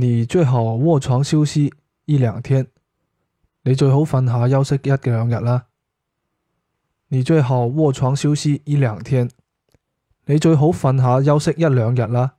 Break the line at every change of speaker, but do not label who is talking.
你最好卧床休息一兩天，你最好瞓下休息一兩日啦。你最好卧床休息一兩天，你最好瞓下休息一兩日啦。